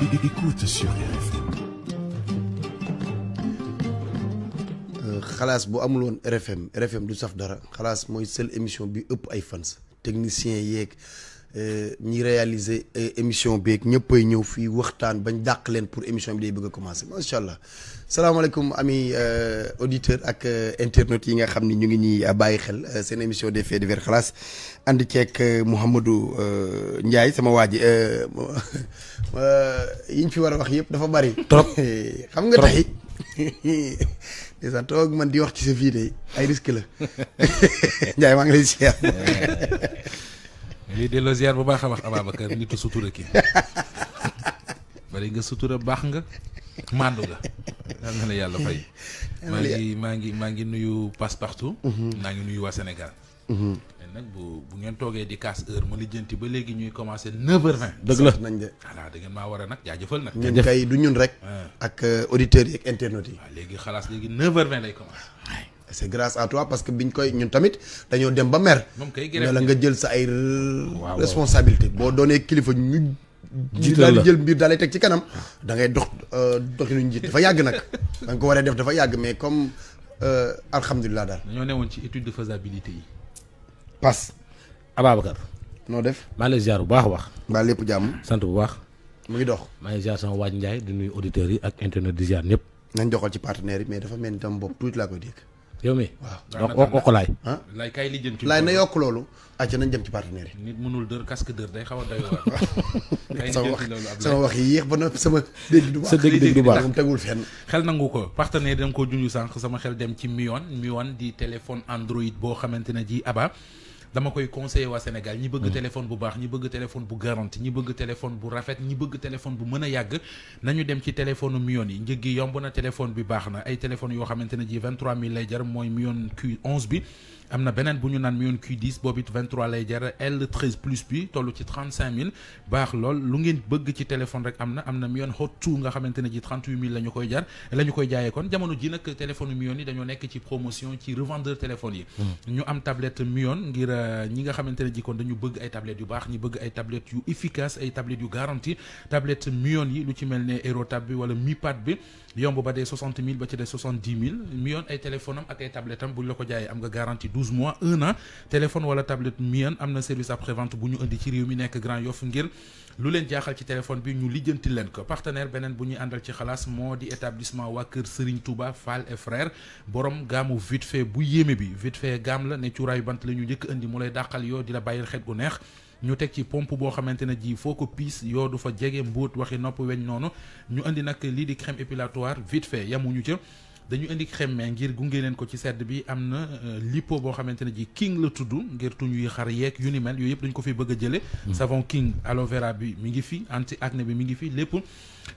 Écoute sur RFM. xalaas bu amul RFM RFM du saf dara xalaas mooy seule émission bi ëpp ay fans technicien yeeg. Euh, ñi réaliser euh, émission beeg ñëppay ñëw fii waxtaan bañ dàq leen pour émission bi day bëgg a commencer macha allah salaamaaleykum ami euh, auditeur ak internautes yi nga xam ni ñu ngi ñuy bàyyi xel seen émission des faits divers xalaas ànd ceeg Mouhamadou njaay sama waa ji yi ñu fi war a wax yëpp dafa bari trop xam nga tey déjà man di wax ci sa vie de ay risque la Ndiaye maa ngi lay siyaar ñuy delloo ziar bu baax a baax Ababacar nitu sutura kii bari nga sutura baax nga màndu nga yal la yàlla fay maa ngi maa ngi maa ngi nuyu passe partout naa mhm. ngi nuyu waa Sénégal mais mhm. nag bu bu ngeen toogee di casse heure ma lijjanti ba léegi ñuy commencé neuf heures vingt dëgg la nañ de voilà da maa war a nag jaajëfal nag ñun kay du ñun rek ah. ak euh, auditeurs yi ak internautes yi ah, léegi xalaas léegi neuf heures lay commencé c'est grace à toi parce que ñu koy ñun tamit dañoo dem ba mer. ne la nga jël sa ay. responsabilité boo doonee kilifa ñu. jiital la jël mbir daal teg ci kanam. dangay ngay dox euh, doxinu njiit dafa yàgg nag dañ nga ko waree def dafa yàgg mais comme euh, alhamdulilah daal. dañoo newoon ci étude de faisabilité yi. pass Ababacar. noo def maa ngi lay baax a baax. mbaa lépp jàmm. sant bu waax mu ngi dox maa ngi ziar sama waaj Ndiaye di nuyu yi ak internet di ziar ñëpp. nañ doxal ci partenaires yi mais dafa mel ni tam bopp tuuti laa koy dégg. yow mi waaw wax wax ko laay. ah laay kay li ci laay na yokk loolu. àcc nañ dem ci partenaire yi. nit mënul dër casque dër day xaw a doy waar. kay sama wax sama wax yi yéex ba nag sama dégg du baax. sa dégg-dégg du baax tegul fenn. xel nangu ko partenaire da nga koo sànq sama xel dem ci Mion Mion di téléphone Android boo xamante ne ji Aba. dama koy conseil waa Sénégal ñi bëgg mm. téléphone bu baax ñi bëgg téléphone bu garanti ñi bëgg téléphone bu rafet ñi bëgg téléphone bu mën a yàgg nañu dem ci téléphone million yi njëg gi yomb na téléphone bi baax na ay téléphone yoo xamante ne ji vingt-trois mille lay jar mooy million Q onze bi am na beneen bu ñu naan Mion Q10 boobu it 23 lay jar L13 plus bi toll ci 35000 baax lool lu ngeen bëgg ci téléphone rek am na am na Mion Hot 2 nga xamante ne ji 38000 la ñu koy jar la ñu koy jaayee kon jamono ji nag téléphone Mion yi dañoo nekk ci promotion ci revendeur téléphone yi. Hmm. ñu am tablette Mion ngir euh, ñi nga xamante ne ji kon dañu bëgg ay tablettes yu baax ñi bëgg ay tablettes yu efficace ay tablettes yu garantie tablette Mion yi lu ci mel ni Aerotab bi wala Mi Pad bi. yomb ba dee soixante mille ba ci des soixante dix mille Mion ay téléphone am ak ay tablette am bu la ko jaayee am nga garantie douze mois un an téléphone wala mi Mion am na service après vente bu ñu indi ci réew mi nekk Grand Yoff ngir lu leen jaaxal ci téléphone bi ñu lijjanti leen ko partenaire beneen bu ñuy àndal ci xalaas moo di établissement waa kër Serigne Touba Fall et frère borom gaamu vite fait bu yéeme bi vite fait gaam la ne cuuraayu bant la ñu njëkk indi mu lay dàqal yoo di la bàyyil xet gu neex. ñu teg ci pompe boo xamante ne ji foo ko piis yoo du fa jege mbuut waxi nopp weñ noonu ñu indi nag lii di crème épilatoire vite fait yamuñu ca dañu indi mais ngir gunge leen ko ci sedd bi am na euh, lipo boo xamante ne jii king la tudd ngir tuñuy xar yeeg yu ni mel yooyu yëpp dañ ko fee bëgg a jële mm. savon king aloe vera bi mi ngi fi anti acné bi mu ngi fi lépp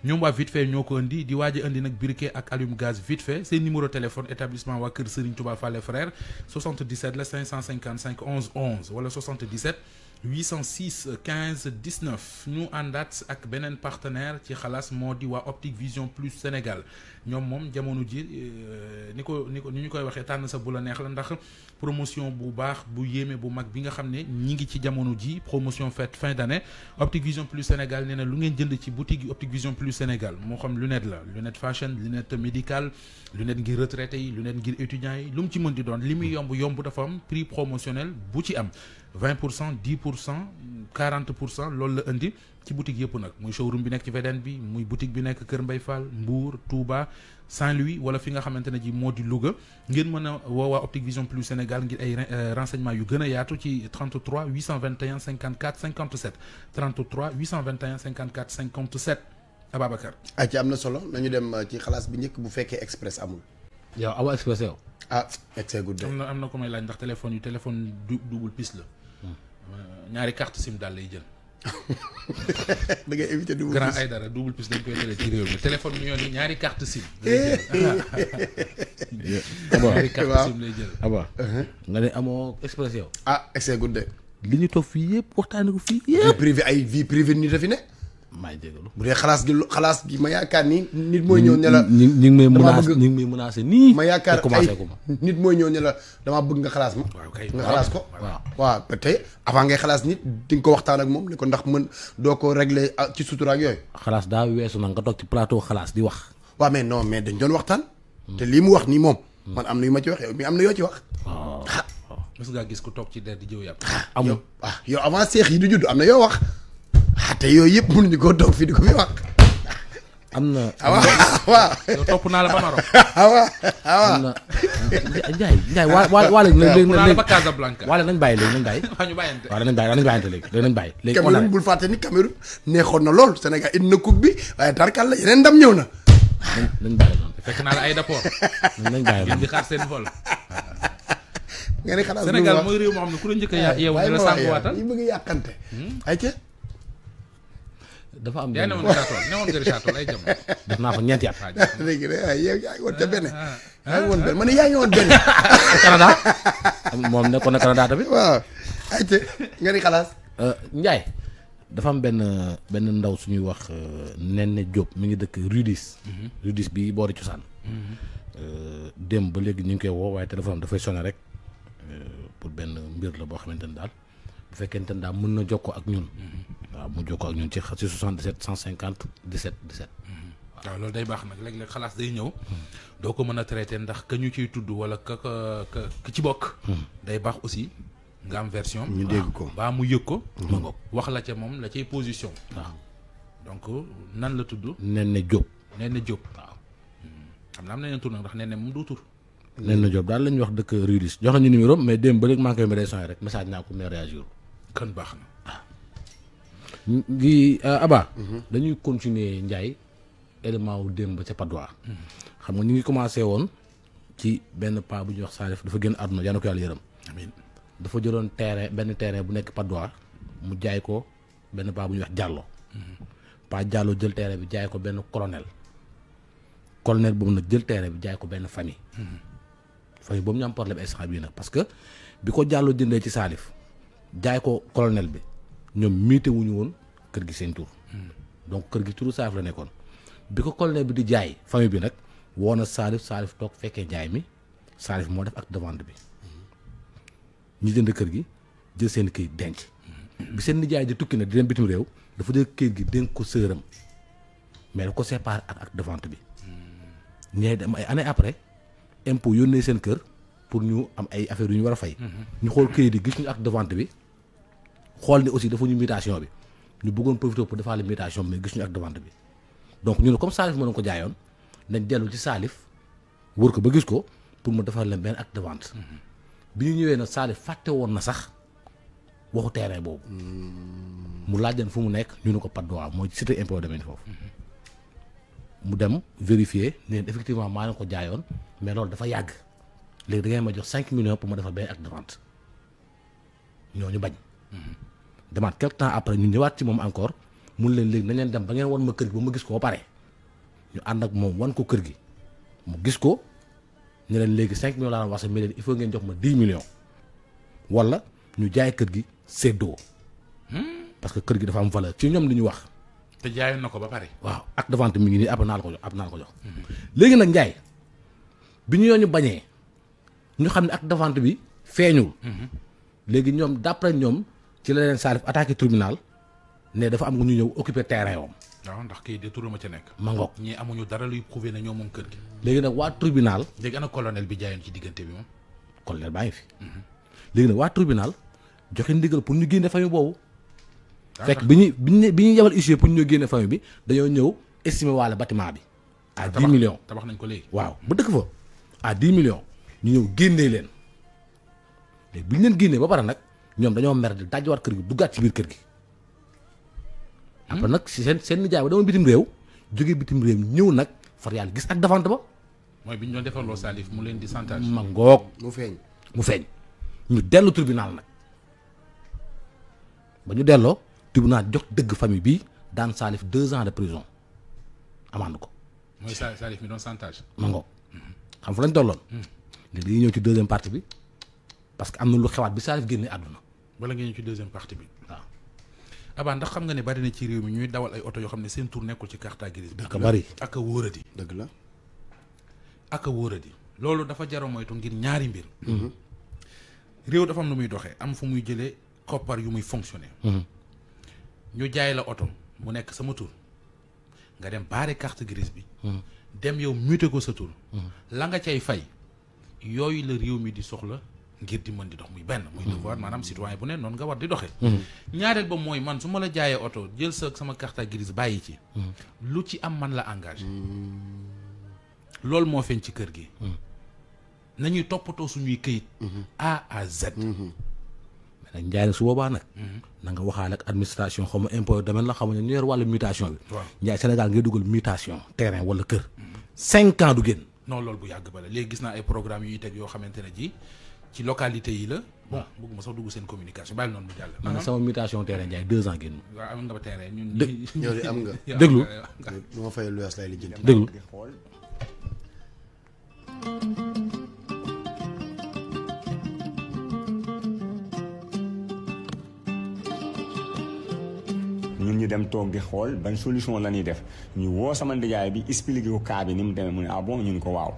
ñoom waa vite fait ñoo ko indi di waaj a indi nag briquet ak allume gaz vite fait seen numéro téléphone établissement waa kër Serigne Touba 806 15 19 ñu àndaat ak beneen partenaire ci xalaas moo di waa Optique Vision Plus Sénégal ñoom moom jamono ji euh, ni ko ni ko ni ñu koy waxee tànn sa bu la neex la ndax promotion bu baax bu yéeme bu mag bi nga xam ne ñi ngi ci jamono ji promotion faite fin d'année Optic Vision Plus Sénégal nee na lu ngeen jënd ci boutique yi Optic Vision Plus Sénégal moo xam lunette la lunette fashion lunette médicale lunette ngir retraité yi lunette ngir étudiants yi lu mu ci mën di doon li muy yomb yomb dafa am prix promotionnel bu ci am 20 pour cent 10 pour cent 40 pour cent loolu la indi ci boutique yëpp nag muy showroom bi nekk ci VDN bi muy boutique bi nekk Kër Mbay faal Mbour Touba Saint-Louis wala fi nga xamante ne ji moo di Louga ngeen mën a woowaa Optique Vision Plus Sénégal ngir ay euh, renseignement yu gën a yaatu ci 33 821 54 57 33 821 54 57 Ababacar. ah ci am na solo ñu dem euh, ci xalaas bi njëkk bu fekkee express amul. yow awa express yow. ah excès gudde. am na am na ko may laaj ndax téléphone yu téléphone double piste la. Hmm. Euh, ñaari carte SIM daal lay jël. da ngay éviter double grand ay dara double puce dañ koy jëlee ci réew mi téléphone bi ñaari carte sim. abaa ñaari carte sim lay eh. jël. abaa uh-huh. nga ne amoo express yow. ah excès gudde. li ñu toog fii yëpp waxtaanee ko fii yëpp. vie privée ay vie privée nit fi ne. maay jégalu bu dee xalaas gi xalaas gi ma yaakaar ni nit mooy ñëw ne la ñi ngi may nii ma yaakaar ay nit mooy ñëw ne damaa bëgg nga xalaas ma nga xalaas ko waaw waaw tey avant ngay xalaas nit di nga ko waxtaan ak moom ne ko ndax mën doo ko régler ah, ci sutura ak yooyu xalaas daa weesu nag nga toog ci plateau xalaas di wax waaw mais non mais dañ doon waxtaan te lii mu wax nii moom man am na yu ma ci wax yow am na yoo ci wax ah mës ngaa gis ku toog ci der di jëw yàpp ah, amul ah yow avant seex yi di judd am na yoo wax ah te yooyu yëpp mënuñu koo toog fii di ko fi wax. am na. waaw waaw yow topp naa la ba Maroc. waaw waaw. am na Ndiaye Ndiaye waa waa waa léegi. léegi naa la ba Casablanca. waa nañ bàyyi léegi nañ bàyyi. waa ñu bàyyante waaw nañ bàyyi waaw nañ bàyyante léegi léegi nañ bàyyi. léegi Cameroun bul fàtte ni Cameroun neexoon na lool Sénégal indi na coupe bi waaye tarkal la yeneen ndam ñëw na. nañ nañ bàyyi noonu. fekk naa la ay rapport. nañ bàyyi noonu di xaar seen vol. nga ne xanaa Sénégal mooy réew moo xam ne ku la njëkk a yeewu ñu la sànq waatal yi bëgg yàqante hmm? ay ca dafa am. yaa newoon Richard-Toll newoon nga Richard-Toll def naa fa ñeenti at. léegi de waaye benn. yaa ngi ah, ah, ah. ne yaa ngi tamit. waaw ayca nga ni xalaas. Euh, Ndiaye dafa am benn benn ndaw suñuy wax euh, Nene Diop mi ngi dëkk Rudis. Mhm. Rudis bi boori cosaan. Mhm. Euh, démb ba léegi ñu ngi koy woo waaye téléphone dafay sonné rek pour benn mbir la boo xamante ni daal. bu fekkente ne daal mën na jokkoo ak ñun. waaw mu ko ak ñun ci si 77 150 17 17. waaw loolu day baax nag léeg-léeg xalaas day ñëw doo ko mën a traité ndax ka ñu ciy tudd wala ka ka ki ci bokk. Hmm. day baax aussi nga am version. ñu dégg ko ah, baa mu yëg ko. Hmm. wax la ca moom la cay position. waaw ah. donc nan la tudd. nen na Diop. nen na Diop waaw. Hmm. xam naa am nañu tur nag ndax nen na moom du tur. nen na daal la ñuy wax dëkk Rudis jox nañu numéro mais démb ba léegi naa ko mais kan baax na gi euh, Aba. Mhm. dañuy continuer Ndiaye élément wu démb ba ca Padois. xam nga ñu ngi commencé woon ci benn paa bu ñuy wax Salif dafa génn àdduna yàlla na ko yàlla yërëm. dafa jëloon terrain benn terrain bu nekk Padois mu jaay ko benn paa bu ñuy wax Diallo. Mhm. paa Diallo jël terrain bi jaay ko benn colonel. colonel boobu nag jël terrain bi jaay ko benn famille. Mhm. famille boobu ñu am problème instant nag parce que bi ko jàlloo jëndee ci saalif jaay ko colonel bi ñoom miite ñu woon kër gi seen tur donc kër gi turu Salif la nekkoon bi ko colonel bi di jaay famille bi nag woo na Salif Salif toog fekkee jaay mi Salif moo def ak de bi ñu jënd kër gi jël seen këyit denc bi seen nijaay di tukki nag di dem bitim réew dafa jël këyit gi dénk ko sëram mais da ko séparé ak acte de bi ñee dem ay année après impôt yónnee seen kër pour ñu am ay affaire yu ñu war a fay ñu xool këyit yi gis ñu acte bi xool ni aussi dafa ñu mutation bi ñu bëggoon profité pour defaale mutation bi mais gis ñu ak demande bi donc ñu ne comme Salif ma doon ko jaayoon nañ dellu ci saalif wër ko ba gis ko pour mu defar leen benn acte de mm-hmm. bi ñu ñëwee na Salif fàtte woon na sax waxu terrain boobu mm-hmm. mu laaj leen fu mu nekk ñu ne ko Patte d'Oie mooy cité impôt domaine foofu mm-hmm. mu dem vérifier ne leen effectivement maa leen ko jaayoon mais loolu dafa yàgg léegi da ngeen ma jox cinq millions pour ma defar benn acte de vente ñooñu bañ demaat quelque temps après ñu ñëwaat ci moom encore mun leen léegi nañ leen dem ba ngeen wan ma kër gi ba ma gis ko ba pare ñu ànd ak moom wan ko kër gi mu gis ko ñu leen léegi 5 millions laa wax sax mais leen il faut ngeen jox ma 10 millions wala ñu jaay kër gi séddoo parce que kër gi dafa am valeur ci ñoom li ñu wax. te jaayoon na ko ba pare. waaw ak devant mi ngi nii ab naa la ko jox ab naa la ko jox. léegi nag Ndiaye bi ñu ñu bañee ñu xam ne acte de bi feeñul. Mhm. ñoom d'après ñoom. ci la leen Salif attaqué tribunal ne dafa am ñu ñëw occuper terrain woom. waaw ndax kii détour ma ca nekk. ma ngoog ñii amuñu dara luy prouver ne ñoom moom kër gi. léegi nag waa tribunal. léegi ana colonel bi jaayoon ci diggante bi moom. colonel baa ngi fi. Mhm. léegi nag waa tribunal joxe ndigal pour ñu génne famille boobu. fekk bi ñu bi ñuy bi ñuy pour ñu génne famille bi dañoo ñëw estimer waale bâtiment bi. à dix millions tabax nañ ko léegi. waaw ba dëkk fa à dix millions ñu ñëw génnee leen léegi bi ñu leen génnee ba pare nag. ñoom dañoo mer di dajwaat kër gi duggaat ci biir kër gi. après nag si seen seen nijaay ba demoon bitim réew jógee bitim réew ñëw nag far yàlla gis ak defante ba. mooy bi ñu doon defaloo Salif mu leen di santage. ma ngoog mu feeñ. mu feeñ ñu dellu tribunal nag ba ñu delloo tribunal jox dëgg famille bi daan Salif deux ans de prison amande ko. mooy Salif mi doon santage. ma xam fu lañ tolloon. léegi hmm. ñëw ci deuxième partie bi parce que am na lu xewaat bi Salif génne àdduna. bala ngeen ci deuxième partie bi waaw. Ah. ndax xam nga ne bari na ci réew mi ñuy dawal ay oto yoo xam ne seen tour nekkul ci carte grise bi. dëgg la ak a dëgg la loolu dafa jaro moytu ngir ñaari mbir. Mm-hmm. réew lu muy doxee am fu muy jëlee koppar yu muy fonctionner. Mm-hmm. ñu jaay la oto mu nekk sama nga dem baare carte grise bi. Mm-hmm. dem yow muté ko sa tur. la nga cay fay yooyu la réew mi di soxla. ngir di mën di dox muy benn muy hmm. devoir maanaam citoyen bu ne noonu nga war di doxee hmm. ñaareel ba mooy man su ma la jaayee oto jël sa sama carte grise bàyyi ci hmm. lu ci am man la engagé lool moo feeñ ci kër gi nañuy toppatoo suñuy këyit A a Z nag njaay nag su boobaa nag na nga waxaale ak administration xaw ma impôt domaine la xam ne ñu yor wàllu mutation bi njaay Sénégal ngay dugal mutation terrain wala kër cinq ans du génn non loolu bu yàgg ba la gis naa ay ci localité yi la. Ah. bon bëgguma sax dugg seen communication bàyyi noonu mu jàll. man sama mutation terrain Ndiaye deux ans génn. waaw am nga ba terrain ñun. ñoo am nga. déglu. bu ma fay lu wees lay lijjanti. déglu. dem toog di xool ban solution la ñuy def ñu woo sama ndijaay bi expliqué ko cas bi ni mu demee mu ne ah bon ñun ko waaw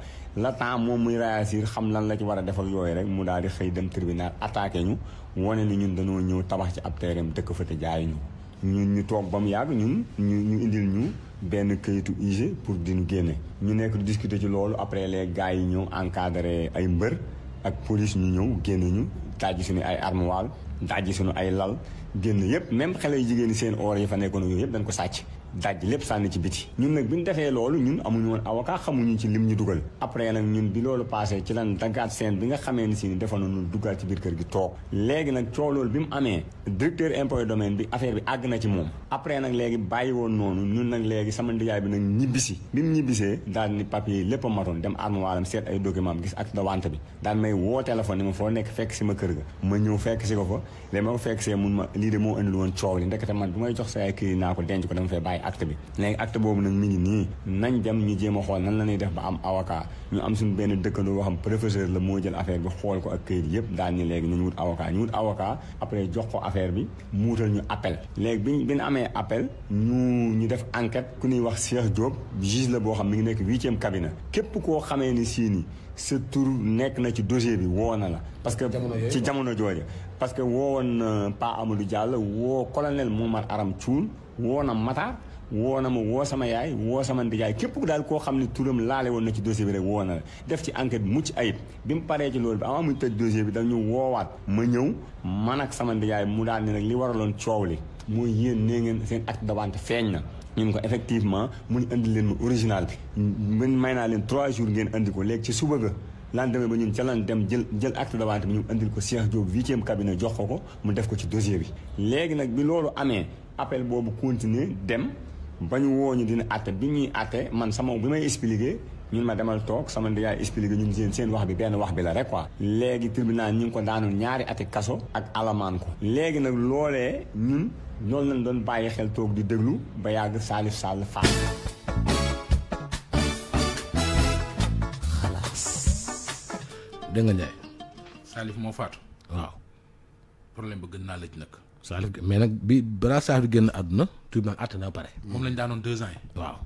la temps moom muy réagir xam lan la ci war a defal yooyu rek mu daal di xëy dem tribunal attaqué ñu wane ni ñun dañoo ñëw tabax ci ab terrain dëkk fa te jaayuñu ñu ñu toog ba mu yàgg ñun ñu ñu indil ñu benn kayitu IG pour dinu génne ñu nekk di ci loolu après les gars yi ñëw encadré ay mbër ak police ñu ñëw génn ñu tàjji suñu ay armoire dajji suñu ay lal génn yëpp même xale yi jigéen seen or yi fa nekkoon yooyu yëpp dañ ko sàcc daj lépp sànni ci biti ñun nag bi ñu defee loolu ñun amuñu woon avocat xamuñu ci lim ñu dugal après nag ñun bi loolu passé ci lan daggaat seen bi nga xamee ni si ni defa noonu duggaat ci biir kër gi toog léegi nag coow loolu bi mu amee directeur impôt domaine bi affaire bi àgg na ci moom après nag léegi bàyyi woon noonu ñun nag léegi sama ndijaay bi nag ñibbisi bi mu ñibbisee daal ni papier yi lépp a matoon dem armewaalam seet ay document gis acte bi daal may woo téléphone ni foo nekk fekk si ma kër ga ma ñëw fekk si ko fa léegi moo indil woon coow li ndekete man bu may jox sa ay kër yi naa bàyyi acte bi léegi acte boobu nag mi ngi nii nañ dem ñu jéem a xool nan la ñuy def ba am avocat ñu am suñu benn dëkkandoo boo xam professeur la moo jël affaire bi xool ko ak këyit yëpp daal ni léegi nañu wut avocat ñu wut avocat après jox ko affaire bi muutal ñu appel léegi bi bi ñu amee appel ñu ñu def enquête ku ñuy wax Cheikh Diop juge la boo xam mi ngi nekk huitième cabinet képp koo xamee ni sii nii sa nekk na ci dossier bi woo na la parce que ci jamono jooju parce que woowoon euh, Pa Amadou Diallo woo colonel Momar Aram Thioune woo na Matar woo na ma woo sama yaay woo sama ndijaay képp ku daal koo xam ne turam laale woon na ci dossier bi rek woo na la def ci enquête mucc ayib bi mu paree ci loolu bi ama bi dañu woowaat ma ñëw man sama ndijaay mu daal ne nag li waraloon coow li mooy yéen nee ngeen seen acte de feeñ na ñun ko effectivement mu ñu indi leen ma original bi man may naa leen trois jours ngeen indi ko léegi ci suba ga lan demee ba ñun ca lan dem jël jël acte de vente bi ñu indil ko Cheikh Diop huitième cabinet jox ko ko mu def ko ci dossier bi léegi nag bi loolu amee appel boobu continuer dem ba ñu woo ñu dina àtte bi ñuy àtte man sama bi may expliquer ñun ma demal toog sama ndiyaay expliqué ñun seen seen wax bi benn wax bi la rek ko léegi tribunal ñu ngi ko daanu ñaari ati kaso ak alamaan ko léegi nag loolee ñun loolu lañ doon bàyyi xel toog di déglu ba yàgg Salif Sall faat xalaas dégg nga Ndiaye moo faatu waaw problème ba gën naa lëj nag Salif Guèye mais nag bi balaa Salif génn àdduna tribunal àtte na pare. moom lañ daanoon deux ans yi. waaw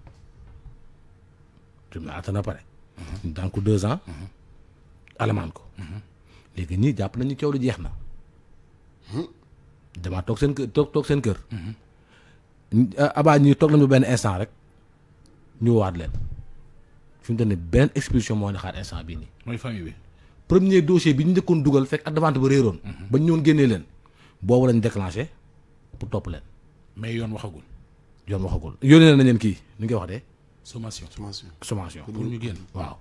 tribunal àtte na pare. ñu daan ko deux ans. alamaan ko. léegi ñii jàpp nañu coow lu jeex na. damaa toog seen kër toog toog seen kër. abaa ñii toog nañu benn instant rek ñu waat leen fi mu toll nii benn expulsion moo ne xaar instant bii nii. bi. premier dossier bi ñu njëkkoon dugal fekk adamante ba réeroon. Mhm. ba ñu ñëwoon génnee leen. boobu lañ déclenché pour topp leen. mais yoon waxagul. yoon waxagul yónnee nañ leen kii nu ngi wax de. sommation sommation. sommation pour ñu génn waaw.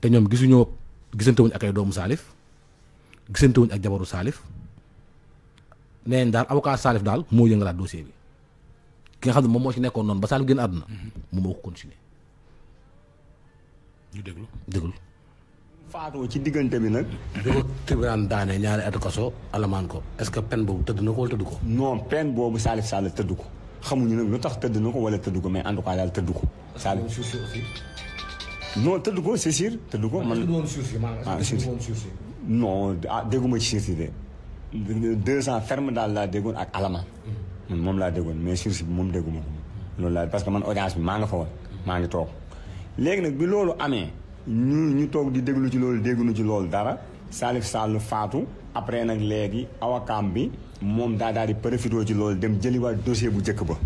te ñoom gisuñoo gisante wuñ ak ay doomu saalif gisante wuñ ak jabaru saalif nee daal avocat Salif daal moo yëngalaat dossier bi ki nga xam ne moom moo ci nekkoon noonu ba Salif génn àdduna. Mm-hmm. moom moo ko continuer. ñu déglu déglu. faatoo ci diggante bi nag. bi ko tribunal daane ñaari at kaso alamaan ko est-ce que peine boobu tëdd na ko wala tëdd ko. non peine boobu Salif Sall tëdd ko xamuñu nag lu tax tëdd na ko wala tëdd ko mais en tout cas daal tëdd ko. Salif non tëdd ko c'est sûr tëdd ko man. ah non ah dégguma ci sursis de. deux ans ferme daal laa déggoon ak alamaan. Hmm. man moom laa déggoon mais sursis bi moom dégguma ko. loolu laa parce que man audience bi maa ngi fa woon. maa ngi toog léegi nag bi loolu amee. ñu ñu toog di déglu ci loolu dégguñu ci loolu dara Salif Sall faatu après nag léegi awakaam bi moom daa daal di profité ci loolu dem jëliwaat dossier bu njëkk ba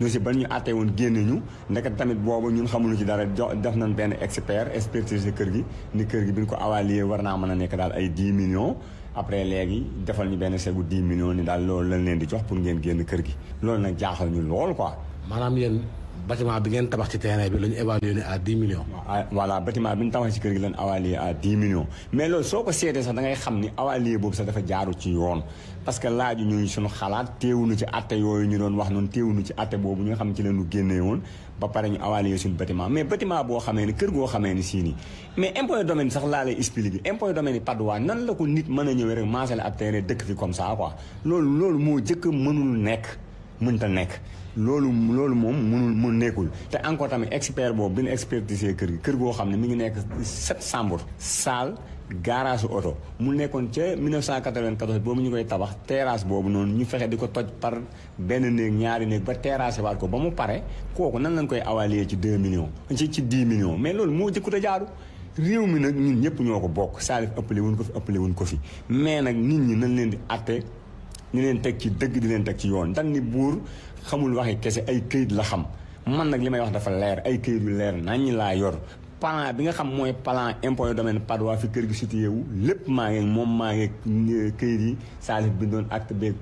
dossier ba ñu àttee woon génn ñu ndeket tamit boobu ñun xamuñu ci dara def nañ benn expert expertise kër gi ni kër gi bi ñu ko avalier war naa mën a nekk daal ay 10 millions après léegi defal ñu benn segu 10 millions ni daal loolu lañ leen di jox pour ngeen génn kër gi loolu nag jaaxal ñu lool quoi. bâtiment bi ngeen tabax ci terrain bi la ñu évalué a à dix millions. Ah, voilà bâtiment bi ñu tabax ci kër gi lañ évalué à dix millions mais loolu soo ko seetee sax da xam ni évalué boobu sax dafa jaaru ci yoon parce que laaju ñuy suñu xalaat teewuñu ci atte yooyu ñu doon wax noonu teewuñu ci atte boobu ñu nga xam ci la ñu génnee woon ba pare ñu évalué suñu bâtiment mais bâtiment boo xamee ni kër goo xamee ni sii nii mais impôt domaine sax laa lay expliqué impôt domaine paduwaa nan la ko nit mën a ñëwee rek maasale ab terrain dëkk fi comme ça quoi loolu loolu moo jëkk nekk mënta nekk loolu loolu moom mënul mu nekkul te encore tamit expert boobu bi ñu expertisé kër gi kër goo xam ne mu ngi nekk sept chambre salle garage su oto mu nekkoon ca 1994 boobu ñu koy tabax terrasse boobu noonu ñu fexe di ko toj par benn néeg ñaari néeg ba terrasse waat ko ba mu pare kooku nan lañ koy awalee ci deux millions ci ci 10 millions mais loolu moo jëkkut a jaaru réew mi nag ñun ñëpp ñoo ko bokk saalif ëppale wuñ ko fi ëppale wuñ ko fi mais nag nit ñi leen di atte ñu leen teg ci dëgg di leen teg ci yoon dan ni buur xamul waxi kese ay këyit la xam man nag li may wax dafa leer ay këyit yu leer nañ laa yor plan bi nga xam mooy plan impôt domaine Padois fi kër gi situé wu lépp maa ngeeg moom maa ngeeg eh, këyit yi saalif bi doon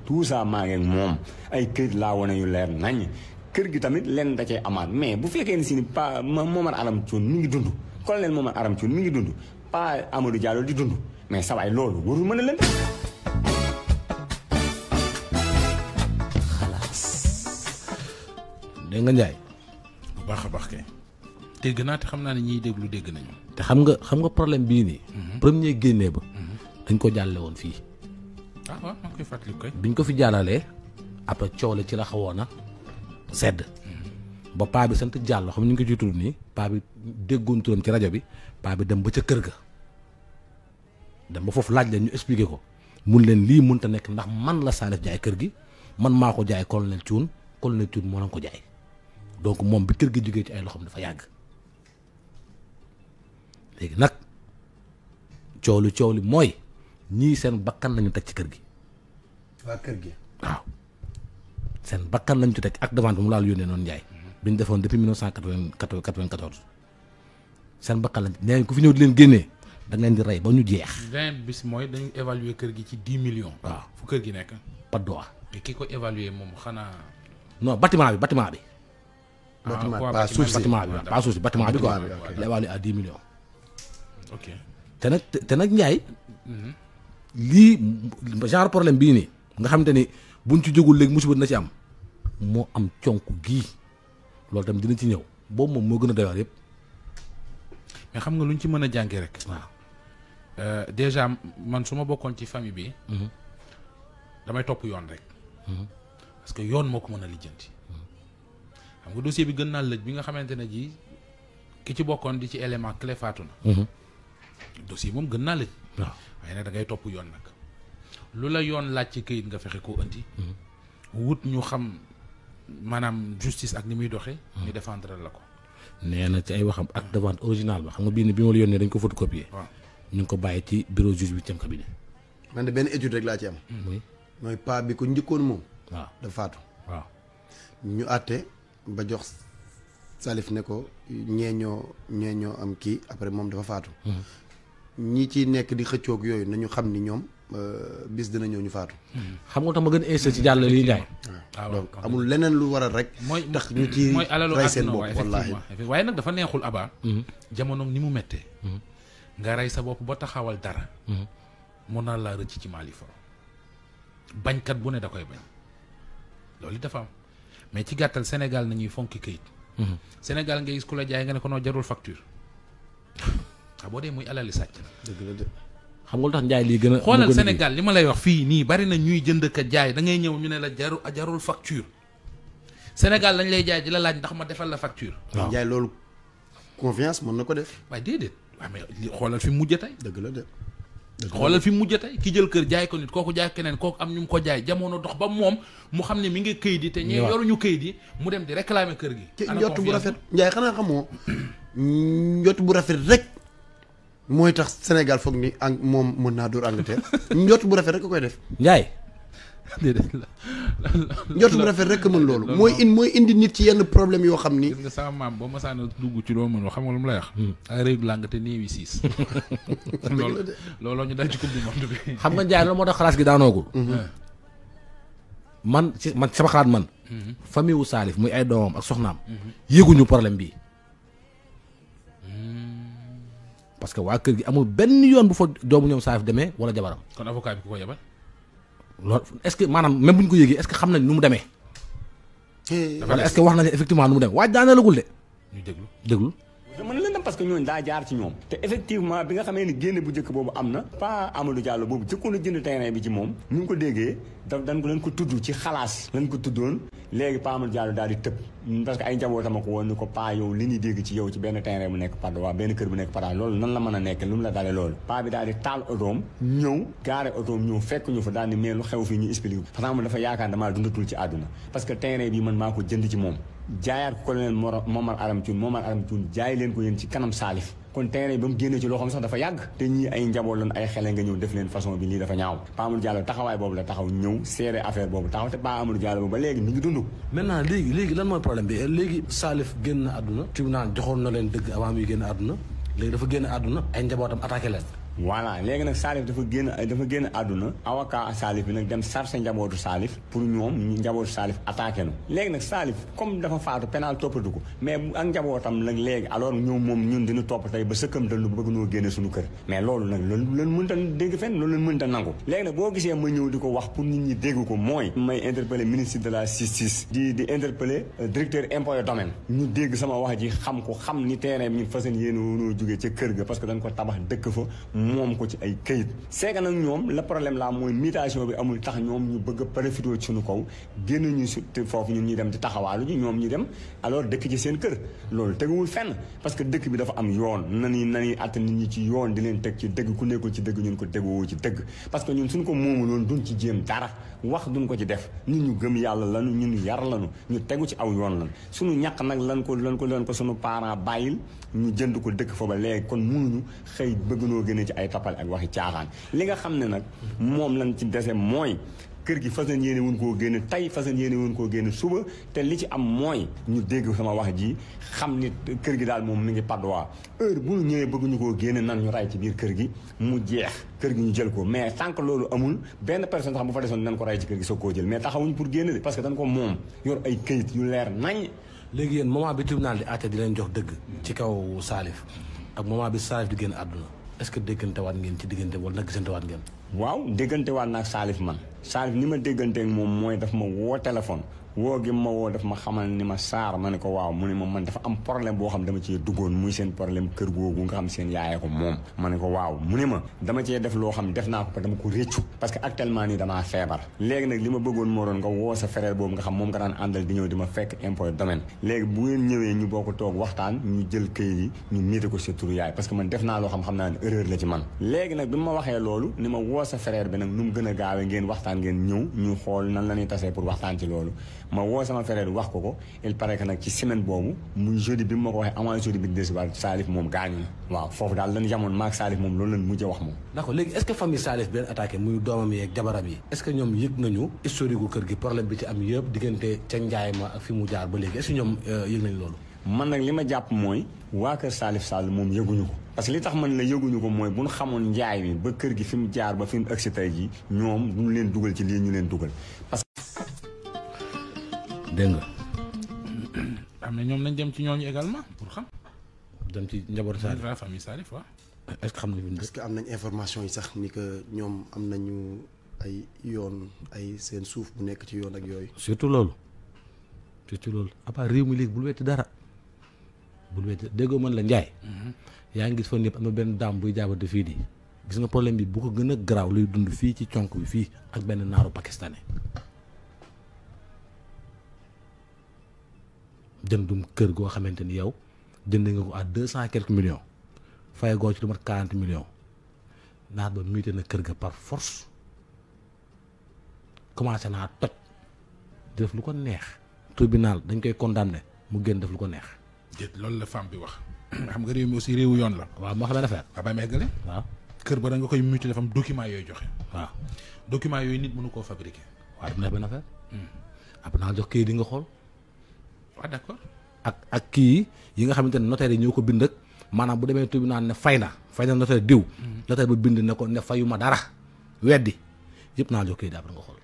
tout ça maa ngeeg moom ay këyit laa wane yu leer nañ kër gi tamit lenn da cee amaat mais bu fekkee ni si ni pa Momar Aram Thioune mi ngi dund colonel Momar Aram Thioune mi ngi dund pa Amadou Diallo di dund mais sawaay loolu warul mën a leen dégg nga Ndiaye. bu baax a baax naa te xam naa ne ñiy déglu dégg nañu. te xam nga xam nga problème bii nii. Mhm. premier génnee ba. Mhm. dañ ko jàlle woon fii. ah ñu maa ngi biñ ko fi jàllalee après coow la ci la xawoon a sedd. Mhm. ba paa bi sant jàll xam ñu ngi ko ciy tudd nii paa bi déggoon turam ci rajo bi paa bi dem ba ca kër ga. dem ba foofu laaj leen ñu expliqué ko mun leen lii mënta nekk ndax man la Salif jaay kër gi man maa ko jaay colonel Thioune colonel Thioune moo leen ko jaay. donc moom bi kër gi jógee ci ay loxoom dafa yàgg léegi nag coow li coow li mooy ñii seen bakkan lañu teg ci kër gi. waa kër gi. waaw seen bakkan lañu ci teg ak devant mu laal yónnee noonu Ndiaye. bi ñu defoon depuis 1994 seen bakkan lañ nee ku fi ñëw di leen génnee da leen di rey ba ñu jeex. vingt bis mooy dañu évaluer kër gi ci dix million waaw fu kër gi nekk. pas droit. mais ki ko évaluer moom xanaa. non bâtiment bi bâtiment bi. bâtiment pas suuf si bâtiment bi pas suuf si bâtiment bi quoi l'évalué à dix millions ok te nag te nag Ndiaye lii genre problème bii nii nga xamante ni buñ ci jógul léegi musiba dina ci am moo am conk gii loolu tamit dina ci ñëw boobu moom moo gën a doy waar yëpp mais xam nga luñ ci mën a jàngee rek waaw euh, déjà man su ma bokkoon ci famille bi mhm. damay topp yoon rek mhm. parce que yoon moo ko mën a lijjanti xam nga dossier bi gën naa lëj bi nga xamante ne jii ki ci bokkoon di ci élément clé faatu na mhm. dossier moom gën naa lëj waaw waaye nag da ngay topp yoon nag lu la yoon laaj ci kayit nga fexe koo indi mhm. wut ñu xam maanaam justice ak ni muy doxee mhm. ñu défendre la ko nee na ci ay waxam ak de vente original ba xam nga bii ne bi ma la yónnee dañ ko photocopier waaw ñu ngi ko bàyyi ci bureau juge huitième cabinet man de benn étude rek laa ci am mooy paa bi ko njëkkoon moom waaw waaw ba jox Salif ne ko ñee ñoo ñee ñoo am kii après moom dafa faatu. Mm-hmm. ñi ci nekk di xëccoog yooyu nañu xam ni ñoom euh, bis dina ñëw ñu faatu. Mm-hmm. xam nga tax ma gën a insisté ci jàll li Ndiaye. Ah, waaw donc amul leneen lu waral rek. mooy tax ñu ci rey seen bopp wallaahi waaye nag dafa neexul Aba. Mm-hmm. jamonoom ni mu méttee. nga rey sa bopp ba taxawal dara. mun naa laa rëcc ci Mali foro bañkat bu ne da koy bañ loolu dafa am. mais ci gàttal Sénégal nañuy fonk këyit. Mhm. Sénégal ngay gis ku la jaay nga ne ko noo jarul facture. Ah, boo dee muy alali sàcc la. xam nga lu tax njaay li gën a. xoolal Sénégal li ma lay wax fii nii bari na ñuy jënd ka jaay da ngay ñëw ñu ne la jarul jarul facture. Sénégal lañ lay jaay ji la laaj ndax ma defal la facture. waaw njaay loolu confiance mën na ko def. waaye déedéet waaye mais xoolal fi mujj tey. dëgg la de. xoolal fi mujj tey ki jël kër jaay ko nit kooku jaay keneen kooku am ñu mu ko jaay jamono dox ba moom mu xam ne mi ngi këyit yi te ñee yoruñu këyit yi mu dem di réclamer kër gi njott bu rafet njaay xanaa xamoo njott bu rafet rek mooy tax Sénégal foog ni ak moom mën naa dóor Angleterre njott bu rafet rek ko koy def njaay déedéet njortu bu rafet rekk mën loolu. mooy in indi nit ci yenn problème yoo xam ni. gis ma sama maam ba dugg ci loo mën xam nga lu mu la wax. Hmm. ay réew du làng te néewi siis. loolu looloo ñu dal ci coupe du monde bi. xam nga Ndiaye loolu moo tax xalaas gi daanoogul. Hmm. Eh. man ci man sama xalaat man. Hmm. famille wu muy ay doomam ak soxnaam. yéeguñu problème bii. parce que waa kër gi amul benn yoon bu fa doomu ñoom Salif deme wala jabaram. kon avocat loolu est-ce que maanaam même bu ñu ko yëgee est que xam nañ nu mu demee. Eh, est que wax nañ effectivement nu mu demee waaj daanelagul de. ñu déglu déglu. parce que ñooñu daa jaar ci ñoom te effectivement bi nga xamee ni génne bu njëkk boobu am na pas Amadou Diallo boobu jëkkoon a jënd terrain bi ci moom ñu ngi ko déggee daf dañ ko leen ko tudd ci xalaas lañ ko tuddoon léegi Pa Amadou Diallo daal di tëb parce que ay njabootam ko li ñuy dégg ci yow benn terrain bu nekk Patte d'Oie benn kër bu nekk Patte d'Oie loolu nan la a nekk lu mu la ñu fa daal ni mais lu xew fii ñu expliqué parce que dafa yaakaar dundatul ci àdduna parce que terrain bi man maa ko jënd ci moom jaayaat ko colonel Momar Aram Thioune Momar Aram Thioune jaay leen ko yéen ci kanam Salif kon terrain ba mu génnee ci loo xam sax dafa yàgg te ñii ay njaboot lan ay xele nga ñëw def leen façon bi lii dafa ñaaw Pa Amadou Diallo taxawaay boobu la taxaw ñëw seere affaire boobu taxaw te Pa Amadou Diallo ba léegi mi ngi dund maintenant léegi léegi lan mooy problème bi léegi Salif génn àdduna tribunal joxoon na leen dëgg avant muy génn àdduna léegi dafa génn àdduna ay njabootam attaqué leen voilà léegi nag Salif dafa génn dafa génn àdduna avocat Salif bi nag dem sarse njabootu saalif pour ñoom njabootu Salif attaque nu léegi nag Salif comme dafa faatu pénal toppatu ko mais ak njabootam nag léegi alors ñoom moom ñun dina topp tey ba sëkkamtal lu bëgg noo génne suñu kër mais loolu nag loolu leen mënta dégg fenn loolu leen mënta nangu léegi nag boo gisee ma ñëw di ko wax pour nit ñi dégg ko mooy may interpeller ministre de la justice di di interpeller euh, directeur impôt domaine ñu dégg sama wax ji xam ko xam ni terrain bi ñu fasen yéen woonoo ca kër ga parce que dañ ko tabax dëkk fa moom ko ci ay këyit seega nag ñoom la problème la mooy mutation bi amul tax ñoom ñu bëgg a profité ci suñu kaw génn ñu si foofu ñun ñu dem di taxawaalu ji ñoom ñu dem alors dëkk ci seen kër loolu teguwul fenn parce que dëkk bi dafa am yoon nani nani att nit ñi ci yoon di leen teg ci dëgg ku nekkul ci dëgg ñun ko teguwoo ci dëgg parce que ñun suñ ko moomu loon duñ ci jéem dara wax duñ ko ci def ñun ñu gëm yàlla lanu ñun yar lanu ñu tegu ci aw yoon lan suñu ñàkk nag lan ko lan ko lan ko suñu parent bàyyil ñu jënd ko dëkk fa ba léegi kon mënuñu xëy bëgg noo gën a ci ay tappale ak waxi caaxaan li nga xam ne nag moom lañ ci dese mooy kër gi fas yéene wuñ koo génne tey façon yéene wuñ koo génn suba te li ci am mooy ñu dégg sama wax ji xam ni kër gi daal moom mi ngi paduwaa heure bu ñu ñëwee koo génn nan ñu ray ci biir kër gi mu jeex kër gi ñu jël ko mais tant loolu amul benn personne sax bu fa desoon nan ko ray ci kër gi soog koo jël mais taxawuñ pour génn de parce que ko moom yor ay këyit yu leer nañ léegi yéen moment bi tribunal di àtte di leen jox dëgg ci kaw Salif ak moment bi Salif di génn àdduna est-ce que déggantewaat ngeen ci diggante wala nag gisantewaat ngeen. waaw déggantewaat naa Salif man Salif ni ma dégganteeg moom mooy dafa ma woo téléphone. woo gi ma woo daf ma xamal ni ma saar ma ne ko waaw mu ne ma man dafa am problème boo xam dama cee duggoon muy seen problème kër googu nga xam seen yaayee ko moom ma ne ko waaw mu ma dama cee def loo xam def naa ko pa parce que actuellement nii damaa feebar léegi nag li ma bëggoon moo doon nga woo sa frère boobu nga xam moom nga daan àndal di ñëw di ma fekk impôt domaine léegi bu ngeen ñëwee ñu toog waxtaan ñu jël këyit yi ñu niite ko parce que man def naa loo xam xam naa ne erreur man léegi nag bi ma loolu ni ma woo sa frère bi nag nu mu gën a gaawee ngeen waxtaan ngeen ñëw ñu xool nan la ñuy tasee pour waxtaan ci loolu ma woo sama frère wax ko ko il paraît que nag ci semaine boobu muy jeudi bi mu ma ko waxee avant jeudi bi desiwaat Salif moom gaañu na waaw foofu daal lan jamoon maak Salif moom loolu lan mujjee wax moom d'accord léegi est-ce que famille Salif bi leen muy doomam yi que ñoom yëg nañu historique gu kër gi problème bi ci am yëpp diggante ca njaay ma ak fi mu jaar ba léegi est-ce que ñoom euh, yëg nañu loolu man nag li ma jàpp mooy waa kër saalif Sall moom yëguñu ko parce que li tax man la yëguñu ko mooy bu ñu xamoon njaay mi ba kër gi fi mu jaar ba fi mu agsi tey ji ñoom duñu leen dugal ci lii ñu leen dugal dégg nga. am na ñoom nañ dem ci ñooñu également pour xam. dem ci njaboot Salif la famille Salif xam nañu est-ce que am nañ information yi sax ni que ñoom am nañu ay yoon ay seen suuf bu nekk ci yoon ak yooyu. surtout loolu surtout loolu à part réew mi léegi bul wetti dara bul wetti déggoo mën la njaay. Mm-hmm. yaa ngi gis fan yëpp am na benn daam buy jaabate fii di gis nga problème bi bu ko gën a garaaw luy dund fii ci conk bi fii ak benn naaru pakistanais. jëndum kër goo xamante ni yow jën nga ko à deux cent quelques millions fay goo ci lu mat quarante millions naat ba muté na kër ga par force commencé naa toj di def lu ko neex tribunal dañ koy condamné mu génn def lu ko neex. déet loolu la femme bi wax. xam nga réew mi aussi réewu yoon la. waaw moo xam ne dafa waaw ba meggale waaw kër ba da nga koy muté dafa am document yooyu joxe. waaw document yooyu nit mënu koo fabriquer. waaw dama def ab hmm. naa jox kii di nga xool. waaw ah, d'accord ak ak kii yi nga xamante ne notaire yi ñoo ko bind ak maanaam bu demee tribunal ne fay na fay na notaire diw. Mhm. notaire ba bind ne ko ne fayuma dara weddi yëpp naa jokkoo daal nga xool.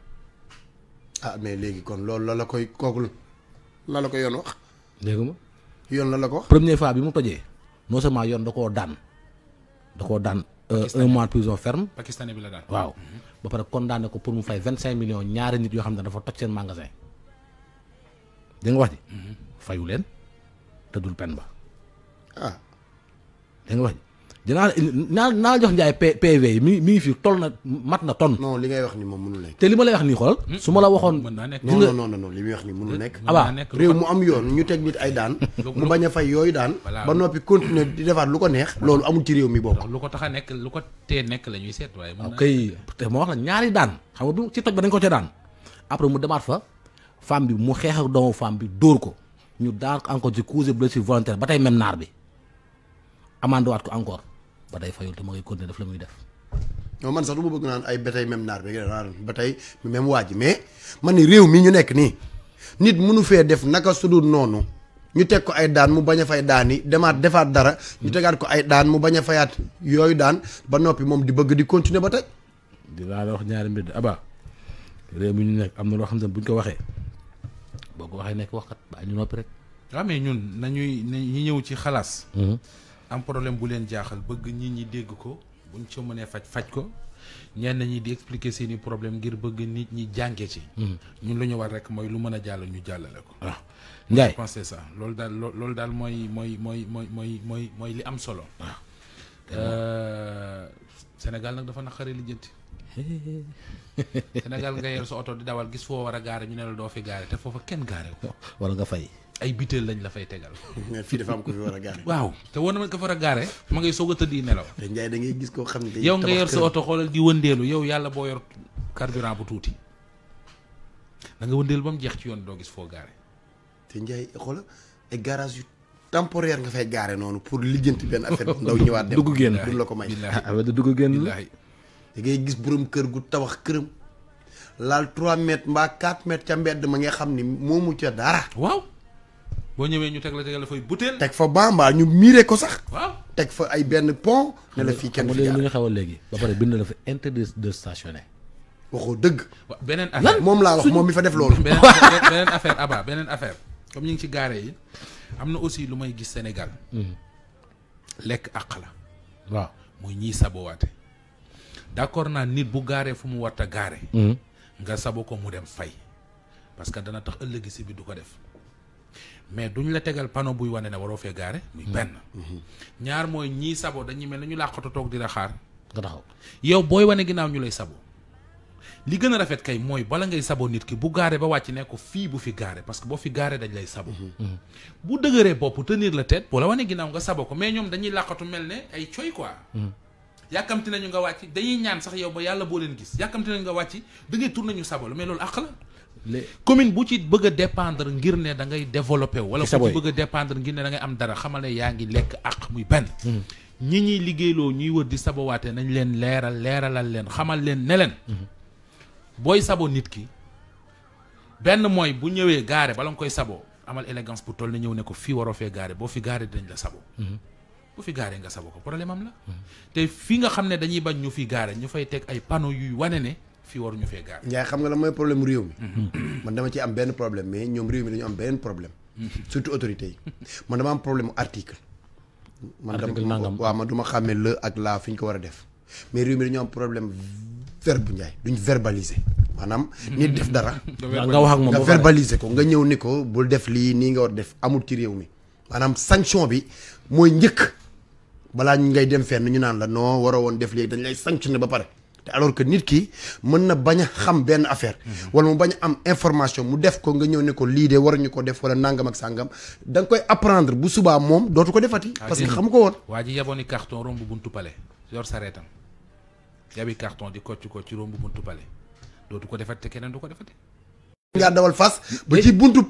ah mais léegi kon loolu la la koy kooku la la ko yoon wax. dégg ma yoon la la ko wax. première fois bi mu tojee non seulement yoon da koo daan da koo daan. Euh, un mois de prison ferme. pakistanais bi la daan waaw. Mhm. ba pare condamné ko pour mu fay vingt cinq millions ñaari nit yoo xam ne dafa toj seen magasin. di nga wax ji fayu leen te dul pen ba ah di nga wax ji naa naa jox njaay PV yi mi mi ngi fi toll na mat na ton non li ngay wax ni moom mënul nekk. te li ma lay wax nii xool hmm? su ma la waxoon mën naa nekk non non non li muy wax nii mënul nekk. abaa réew mu am yoon ñu teg nit ay daan. mu bañ a fay yooyu daan. ba noppi continuer di defaat lu ko neex. loolu amul ci réew mi bokk. lu ko tax a nekk lu ko tee nekk la ñuy seet waaye. mën naa te ma wax la ñaari daan. xam nga du ci toj ba dañ ko ca daan après mu demaat fa. femme bi mu xeex ak doomu femme bi dóor ko ñu daal encore ci coups et blessures volontaires ba tey même naar bi amande waat ko encore ba tey fayul te ma koy continuer def la muy def. non man sax lu mu bëgg naan ay ba tey même naar bi ba tey même waa ji mais man ni réew mi ñu nekk nii nit mënu fee def naka su dul noonu ñu teg ko ay daan mu bañ a fay daan demaat defaat dara. ñu tegaat ko ay daan mu bañ a fayaat yooyu daan ba noppi moom di bëgg di continuer ba tey. dinaa la wax ñaari mbir Aba réew ñu nekk am na loo xam ne buñ ko waxee. boo ko waxee nekk waxkat baa ñu noppi rek. waaw mais ñun nañuy ñi ñëw ci xalaas. Mm-hmm. am problème bu leen jaaxal bëgg nit ñi dégg ko buñ ca mënee faj faj ko ñeen ñi di expliquer seeni problème ngir bëgg nit ñi jànge ci. Mm-hmm. ñun lu ñu war rek mooy lu mën a jàll ñu jàllale ko. waaw ah. Ndiaye je loolu daal loolu daal mooy mooy mooy mooy mooy mooy mooy li am solo. Ah. Euh, Sénégal nag dafa naqaree lijjanti. Sénégal nga yor sa oto di dawal gis foo war a gaare ñu ne doo fi gaare te foofa kenn gaare ko wala nga fay ay biteel lañ la fay tegal fii dafa am ko fi war a gaare waaw te woon na ko a gaare ma ngay soog a tëdd yi nelaw te Njaay ngay gis koo xam ne yow nga yor sa oto xoolal di wëndeelu yow yàlla boo yor carburant bu tuuti da nga wëndeelu ba mu jeex ci yoon doo gis foo gaare te Njaay xoola ay garage nga fay gaare noonu pour lijjanti benn affaire ndaw ñëwaat dem dugg génn duñ la ko may ah, dugg génn da ngay gis borom kër gu tabax këram laal 3 mètres mbaa 4 mètres ca mbedd ma nga xam ni moomu ca dara. waaw boo ñëwee ñu teg la tegal dafay butéel. teg fa bamba ñu miire ko sax. waaw teg fa ay benn pont. ne la fii kenn fi jaar li nga xawal léegi. ba pare bind la fa interdit de stationner. waxoo dëgg. beneen affaire moom laa wax moom mi fa def loolu. beneen affaire Aba beneen affaire comme ñu ngi ci gaare yi am na aussi lu may gis Sénégal. Mhm. lekk àq la. waaw mooy ñiy sabowaate. d'accord naa nit bu gaaree fu mu warta gaare mm-hmm. nga sabo ko mu dem fay parce que dana tax ëllëg si bi du ko def mais duñ la tegal panneau buy wane ne waroo fee gaare muy mm-hmm. Mm-hmm. ñaar mooy ñii sabo dañuy mel ne ñu làqatu toog di la xaar nga taxaw yow booy wane ginnaaw ñu lay sabo li gën a rafet kay mooy bala ngay sabo nit ki bu gaaree ba wàcc ne fii bu fi gaare parce que boo fi gaaree dañ lay sabo bu dëgëree bopp tenir la tête boo la wane ginnaaw nga sabo ko mais ñoom dañuy làqatu mel ne ay coy quoi yàkkamti nañu nga wàcc dañuy ñaan sax yow ba yàlla boo leen gis yàkkamti nañu nga wàcc da ngay tourné ñu saboolu mais loolu àq la commune bu ci bëgg a dépendre ngir ne da ngay développé wu wala bu ci bëgg a ngir ne dangay am dara xamal ne yaa ngi lekk àq muy benn hmm. ñi ñuy liggéeyloo ñuy wër di sabowaate nañ leen leeral leeralal leen xamal leen ne leen hmm. booy saboo nit ki benn mooy bu ñëwee gaare bala nga koy saboo amal élégance bu toll ni ñëw ne ko fii waroo fee boo fi gaare dinañ la sabo hmm. ku fi gaare nga sabo ko problème am la hmm. te fi nga xam ne dañuy bañ ñu fi gaare ñu fay teg ay panneaux yuy wane ne fii waru ñu fee gaare Ndiaye xam nga la mooy problème réew mi hmm. man dama ci am benn problème mais ñoom réew hmm. man dama am problème article man dama ma xàmmee a def mais réew mi dañu am problème verbe Ndiaye duñ verbaliser maanaam nit def dara nga wax ak nga verbaliser ko nga ñëw ni ko bul def lii nii nga war def amul ci réew mi maanaam sanction bi mooy njëkk balaa ñu ngay dem fenn ñu naan la non waroo woon def léegi dañ lay na ba pare te alors que nit ki mën na bañ a xam benn affaire mhm. wala mu bañ am information mu def ko nga ñëw ne ko lii de ñu ko def wala nangam ak sàngam danga koy apprendre bu subaa moom dootu ko defati ah, parce que xam ko woon waa ji yaboon i carton bu buntu pale yor sareetam yabi di kocc ko ci romb buntu pale dootu ko defati te keneen du ko defati ngaa dawal fas ba ci buntu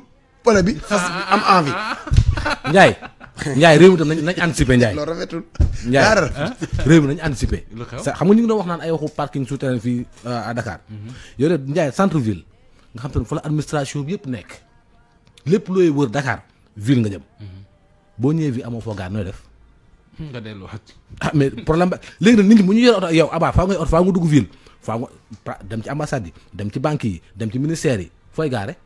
pale bi fas am envie Ndiaye Ndiaye réew mi tam nañ nañ anticiper Ndiaye. loolu rafetul Ndiaye ah, réew mi nañ anticiper. sa xam nga ñu ngi doon wax naan ay waxu parking souterrain fii euh, à Dakar. Mhm. yow de Ndiaye centre ville nga xam te ne foo la administration bi yëpp nekk lépp looy wër dakaar ville nga jëm. Mhm. boo ñëwee fii amoo foo gaar nooy def. Hmm, nga delluwaat. ah mais problème ba léegi nag nit mu ñu yore oto yow abaa faa ngay oto faa nga dugg ville faa nga dem ci ambassade yi dem ci banque yi dem ci ministère yi fooy gaare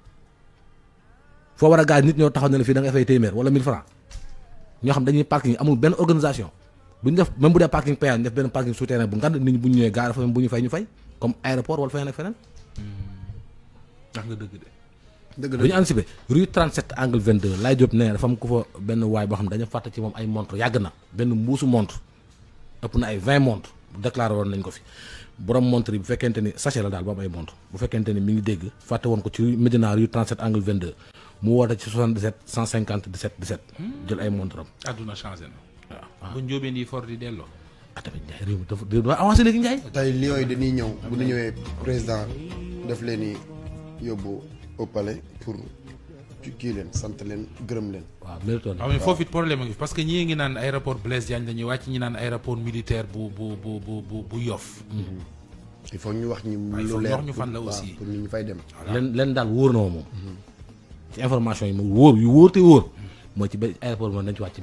foo war a gaar nit taxaw ne la fii nga fay téeméer wala 1000 ñoo xam dañuy parking amul benn organisation bu ñu def même bu dee parking payant ñu def benn parking souterrain bu ngand nit ñi bu ñu ñëwee fa bu ñu fay ñu fay comme aéroport wala feneen ak feneen. Hmm. ndax nga dëgg de. dëgg la bu ñu anticipé rue 37 angle 22 Laye Diop nee dafa ku fa benn waay boo xam dañu fàtte ci moom ay montre yàgg na benn mbuusu montre ëpp na ay 20 montre déclaré woon nañ ko fi borom montre yi bu fekkente ni sachet la daal ba am ay montre bu fekkente mi ngi dégg fàtte woon ko ci Médina rue 37 angle mu woote ci 77 150 17 17. jël ay montaram. àdduna changé na. waaw bu njóobeen yi for di delloo. ah tamit Ndiaye réew mi léegi Ndiaye. tey Lions yi dañuy ñëw bu ñu ñëwee président def leen ni yóbbu au palais pour kii leen sant leen gërëm leen. waa méritoon na ah, waaw mais foofu it problème ngi parce que ñii ngi naan aéroport Blaise Diagne la ñuy wàcc ñi naan aéroport militaire bu bu bu bu bu Yoff. Mhm. il faut ñu wax ah, ñu. lu ñu fan la aussi pour ñu fay dem. lenn lenn daal wóor ci information yi mu wóor yu wóor te wóor mooy ci ba aéroport moom nañ ci wàcc